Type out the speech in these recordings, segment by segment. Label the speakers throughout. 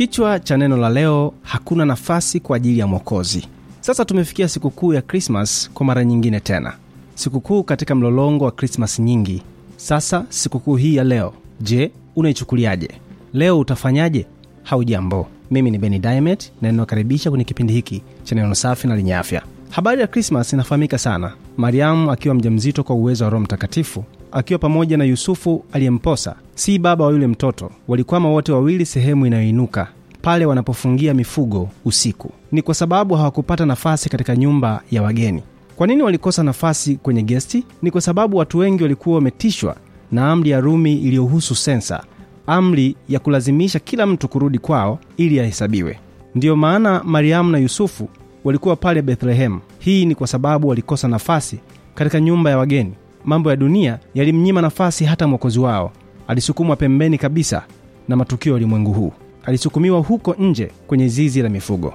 Speaker 1: Kichwa cha neno la leo, hakuna nafasi kwa ajili ya Mwokozi. Sasa tumefikia sikukuu ya Krismas kwa mara nyingine tena, sikukuu katika mlolongo wa Krismas nyingi. Sasa sikukuu hii ya leo, je, unaichukuliaje? Leo utafanyaje? Haujambo, mimi ni Beni Dimet na ninaokaribisha kwenye kipindi hiki cha neno safi na lenye afya. Habari ya Krismas inafahamika sana, Mariamu akiwa mjamzito kwa uwezo wa Roho Mtakatifu akiwa pamoja na Yusufu aliyemposa, si baba wa yule mtoto. Walikwama wote wawili sehemu inayoinuka pale wanapofungia mifugo usiku. Ni kwa sababu hawakupata nafasi katika nyumba ya wageni. Kwa nini walikosa nafasi kwenye gesti? Ni kwa sababu watu wengi walikuwa wametishwa na amri ya Rumi iliyohusu sensa, amri ya kulazimisha kila mtu kurudi kwao ili ahesabiwe. Ndiyo maana Mariamu na Yusufu walikuwa pale Bethlehemu. Hii ni kwa sababu walikosa nafasi katika nyumba ya wageni mambo ya dunia yalimnyima nafasi hata mwokozi wao. Alisukumwa pembeni kabisa na matukio ya ulimwengu huu, alisukumiwa huko nje kwenye zizi la mifugo.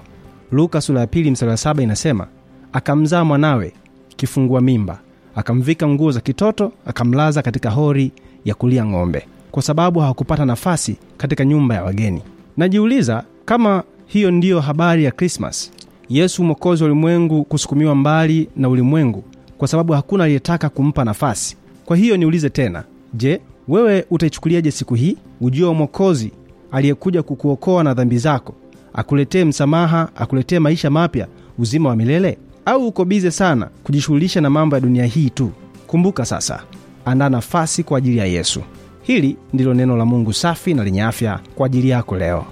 Speaker 1: Luka sura ya pili mstari wa saba inasema, akamzaa mwanawe kifungua mimba, akamvika nguo za kitoto, akamlaza katika hori ya kulia ng'ombe, kwa sababu hawakupata nafasi katika nyumba ya wageni. Najiuliza kama hiyo ndiyo habari ya Krismas, Yesu mwokozi wa ulimwengu kusukumiwa mbali na ulimwengu kwa sababu hakuna aliyetaka kumpa nafasi. Kwa hiyo niulize tena, je, wewe utaichukuliaje siku hii? Ujio wa Mwokozi aliyekuja kukuokoa na dhambi zako, akuletee msamaha, akuletee maisha mapya, uzima wa milele? Au uko bize sana kujishughulisha na mambo ya dunia hii tu? Kumbuka sasa, andaa nafasi kwa ajili ya Yesu. Hili ndilo neno la Mungu safi na lenye afya kwa ajili yako leo.